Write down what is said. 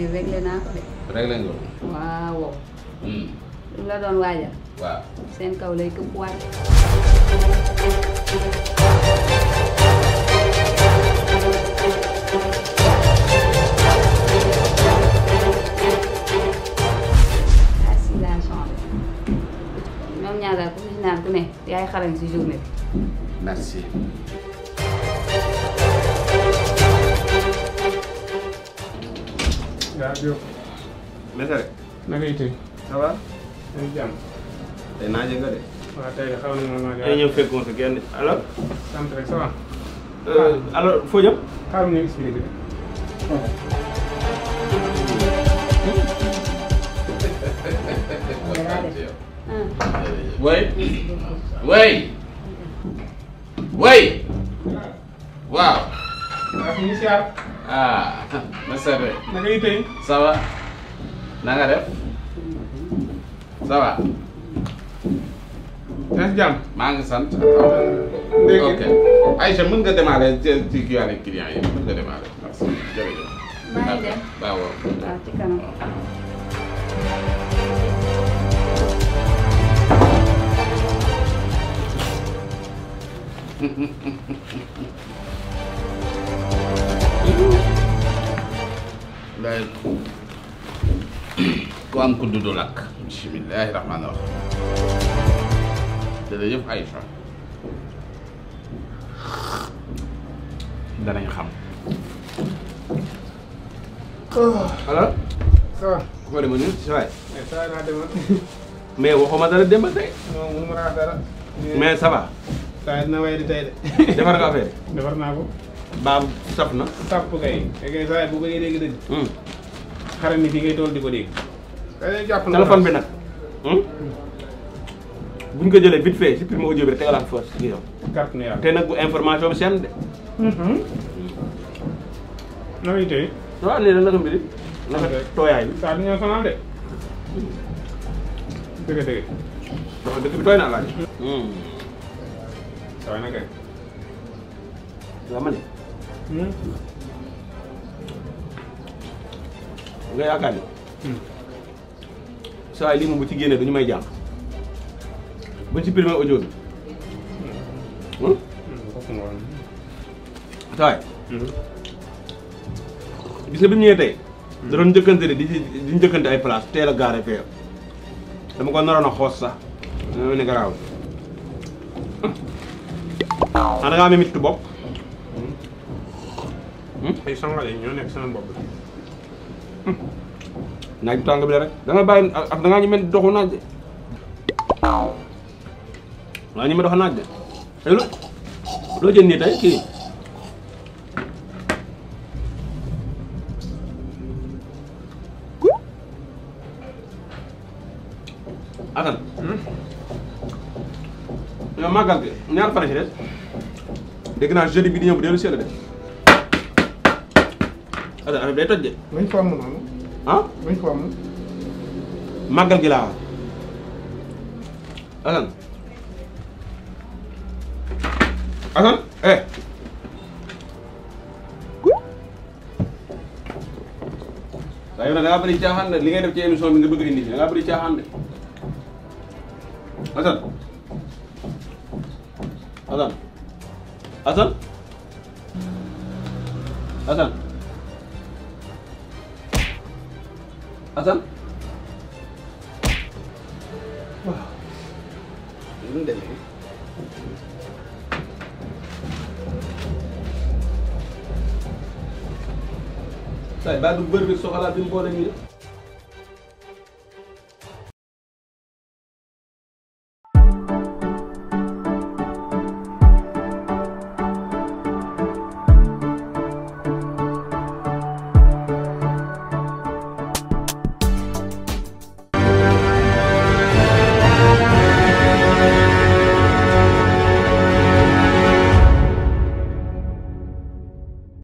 ni réglé naa ko de. réglé nga waaw. lu mm. la doon waajal. seen kaw lay këpp waat. ñoom ñaar ku fi naan ku ne yaay xarañ si journée bi. merci. waaw Diop. Mesere. naka ittee. ça va. yaa ngi jàmm. tey naaje nga de. waaw tey xaw nañu ma naaje. tey ñëw fekkoon fi kenn alors. sant rek ça va. alors foo way way way waaw. Ah, masabe. Nagaitay? Sawa. Nanga def? Sawa. Yes, jam. Maa ngi sant. Dégg ok Aïcha mën nga démarrer ci kii ak client yi mën nga démarrer. Merci. Jërëjëf. Maa ngi dem. Waaw waaw. ci kanam. Mm-hmm. ndaay ku am ku dudd lakk bismillaahi rahmaani rahiim jërëjëf Aïcha danañ xam alors ça va ku ma demoon nii si waay saa naa demoon mais waxuma tey non mënuma dara na waaye di defar nga affaire defar naa ko baa saf na. saf kay léegi saa bu bëggee dégg dëgg. Hmm. xaram yi fi ngay tool di ko dégg. téléphone bi nag. Hmm? bu ñu ko jëlee vite fait supprimer audio bi rek tegalaat force si yow. carte na te nag bu information bi seen de. na muy tey. waaw nee na naka mbiri. naka tooyaay bi. saa du ñu sonal de. dëgg dëgg. dafa dëkk bi tooy naa laaj. waaye hmm. nag kay. waaw ma Hmm. nga yaakaar ni saa lii moom bu ci génnee dañu may jàpp buñ ci primé audio bi hmm? taay gis nga bi mu ñëwee tey da doon njëkkante di di njëkkante ay place teel a gaare dama ko naroon a xoos dama ne garaaw hmm. xanaa nga amee mittu bopp ay hmm? sangale ñoo nekk seen bopp naaj bu tàng bi hmm. rek da nga bàyyi ak ah, ah, da ngaa ñemee doxu naaj de waaw ñemee doxu naaj de te lu loo jënd nii tey kii Assane yow màggal bi ñaar fan ci des dégg naa jeudi bi di ñëw bu la de ada Arab day toj nañ ko ah nañ ko am. gi laa eh. waaye yow da ngaa bëri caaxaan li ngay def ci émission bi nga bëgg indi da de. Assane. waaw. nu mu demee. saa yi baalu bër bi soxalaa bi mu boole nii